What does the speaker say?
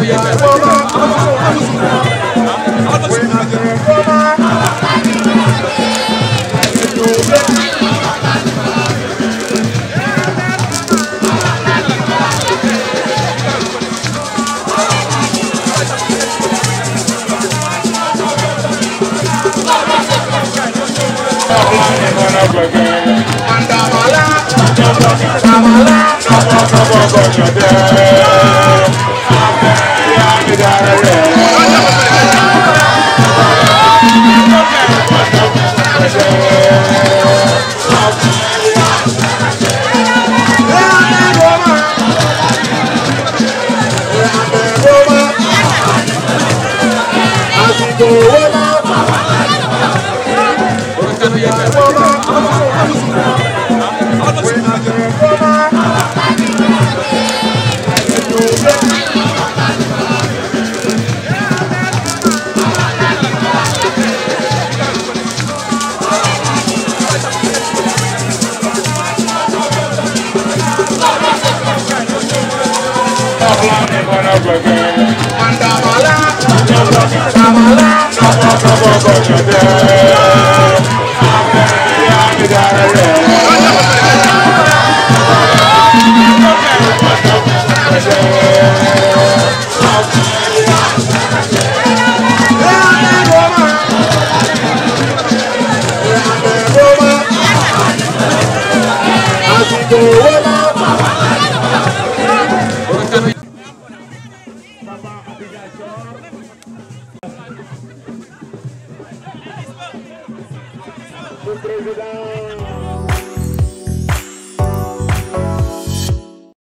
Yeah. Vamos, vamos. Mandamala, Mandamala, Mandamala, Mandamala, Mandamala, do presidente.